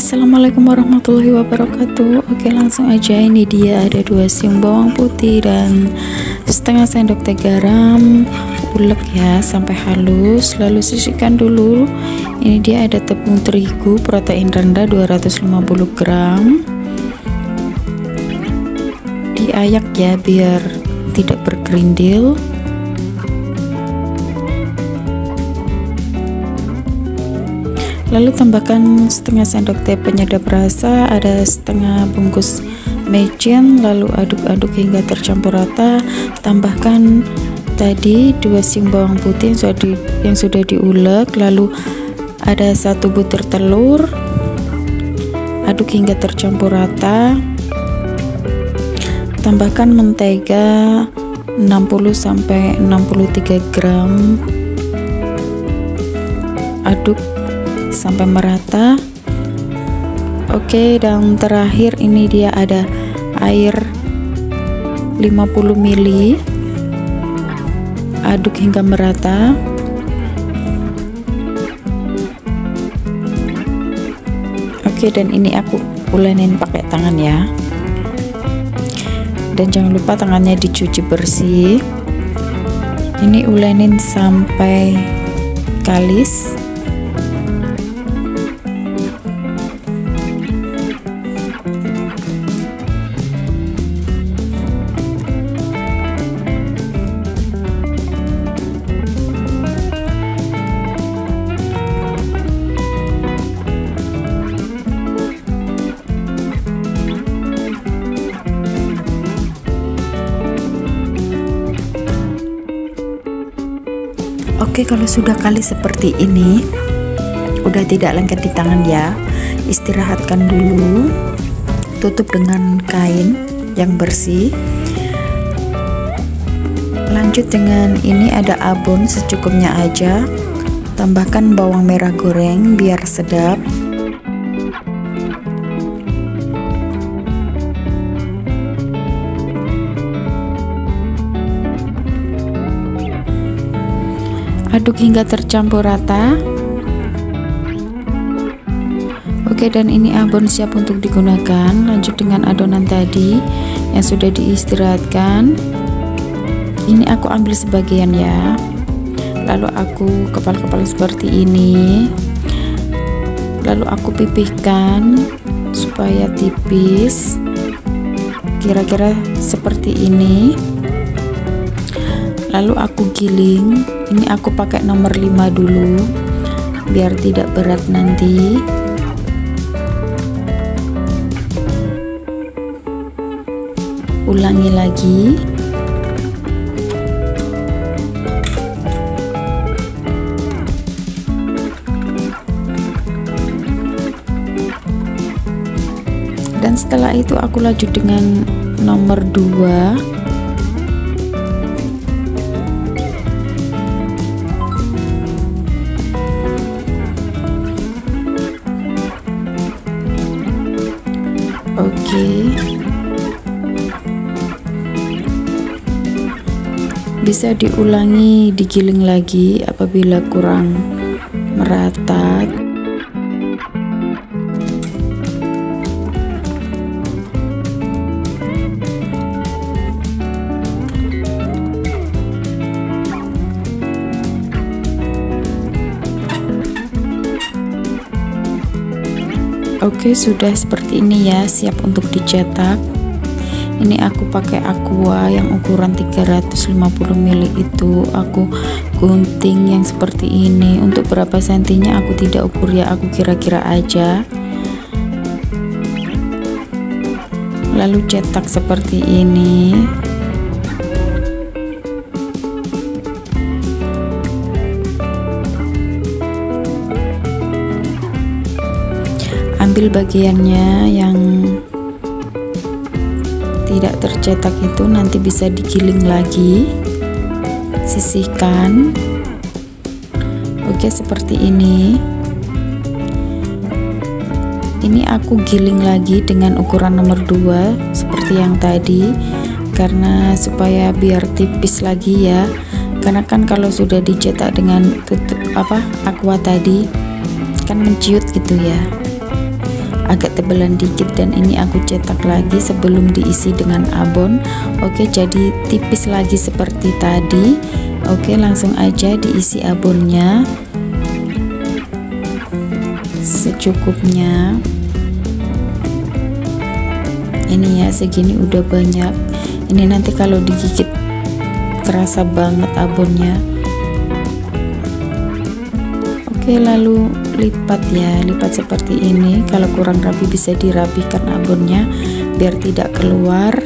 Assalamualaikum warahmatullahi wabarakatuh Oke langsung aja ini dia ada dua siung bawang putih dan setengah sendok teh garam ulek ya sampai halus lalu sisihkan dulu ini dia ada tepung terigu protein rendah 250 gram diayak ya biar tidak bergerindil lalu tambahkan setengah sendok teh penyedap rasa ada setengah bungkus mecin lalu aduk-aduk hingga tercampur rata tambahkan tadi dua siung bawang putih yang sudah, di, yang sudah diulek lalu ada satu butir telur aduk hingga tercampur rata tambahkan mentega 60 63 gram aduk sampai merata oke dan terakhir ini dia ada air 50 ml aduk hingga merata oke dan ini aku ulenin pakai tangan ya dan jangan lupa tangannya dicuci bersih ini ulenin sampai kalis Oke, kalau sudah kali seperti ini, udah tidak lengket di tangan ya. Istirahatkan dulu. Tutup dengan kain yang bersih. Lanjut dengan ini ada abon secukupnya aja. Tambahkan bawang merah goreng biar sedap. aduk hingga tercampur rata oke dan ini abon siap untuk digunakan lanjut dengan adonan tadi yang sudah diistirahatkan ini aku ambil sebagian ya lalu aku kepal-kepal seperti ini lalu aku pipihkan supaya tipis kira-kira seperti ini lalu aku giling ini aku pakai nomor 5 dulu biar tidak berat nanti ulangi lagi dan setelah itu aku lanjut dengan nomor 2 Oke. Bisa diulangi digiling lagi apabila kurang merata. Oke, sudah seperti ini ya, siap untuk dicetak. Ini aku pakai aqua yang ukuran 350 ml itu aku gunting yang seperti ini. Untuk berapa sentinya aku tidak ukur ya, aku kira-kira aja. Lalu cetak seperti ini. ambil bagiannya yang tidak tercetak itu nanti bisa digiling lagi sisihkan oke seperti ini ini aku giling lagi dengan ukuran nomor 2 seperti yang tadi karena supaya biar tipis lagi ya karena kan kalau sudah dicetak dengan tutup apa aqua tadi kan menciut gitu ya agak tebelan dikit dan ini aku cetak lagi sebelum diisi dengan abon oke jadi tipis lagi seperti tadi oke langsung aja diisi abonnya secukupnya ini ya segini udah banyak ini nanti kalau digigit terasa banget abonnya oke lalu lipat ya lipat seperti ini kalau kurang rapi bisa dirapikan abonnya biar tidak keluar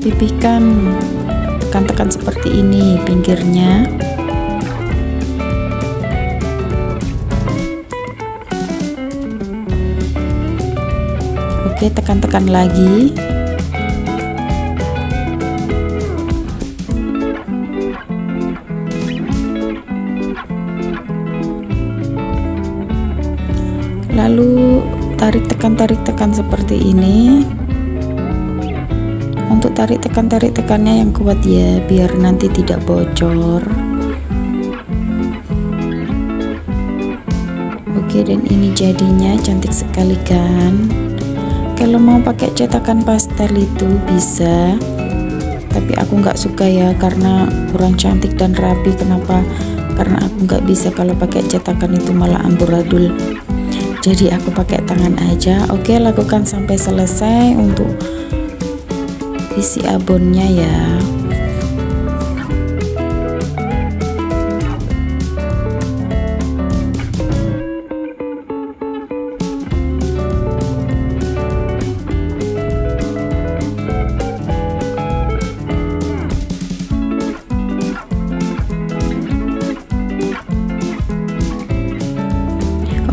pipihkan tekan-tekan seperti ini pinggirnya oke tekan-tekan lagi tarik tekan tarik tekan seperti ini untuk tarik tekan tarik tekannya yang kuat ya biar nanti tidak bocor oke dan ini jadinya cantik sekali kan kalau mau pakai cetakan pastel itu bisa tapi aku nggak suka ya karena kurang cantik dan rapi kenapa karena aku nggak bisa kalau pakai cetakan itu malah amburadul jadi aku pakai tangan aja oke lakukan sampai selesai untuk isi abonnya ya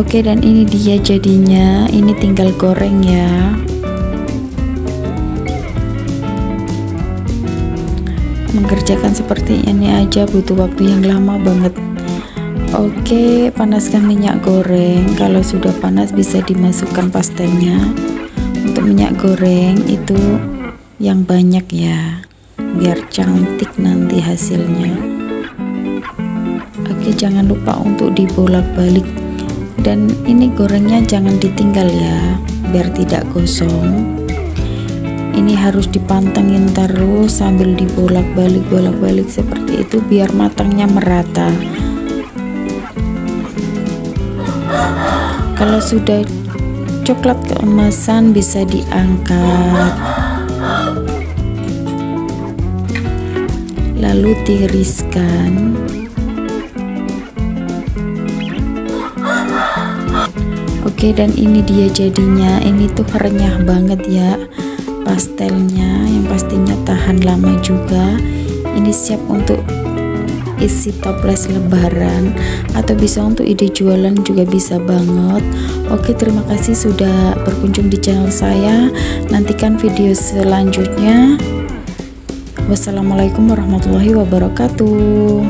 Oke dan ini dia jadinya ini tinggal goreng ya Mengerjakan seperti ini aja butuh waktu yang lama banget Oke panaskan minyak goreng Kalau sudah panas bisa dimasukkan pastanya Untuk minyak goreng itu yang banyak ya Biar cantik nanti hasilnya Oke jangan lupa untuk dibolak-balik dan ini gorengnya jangan ditinggal ya biar tidak gosong ini harus dipantengin terus sambil dibolak-balik bolak-balik seperti itu biar matangnya merata kalau sudah coklat keemasan bisa diangkat lalu tiriskan Oke dan ini dia jadinya ini tuh renyah banget ya pastelnya yang pastinya tahan lama juga ini siap untuk isi toples lebaran atau bisa untuk ide jualan juga bisa banget oke terima kasih sudah berkunjung di channel saya nantikan video selanjutnya wassalamualaikum warahmatullahi wabarakatuh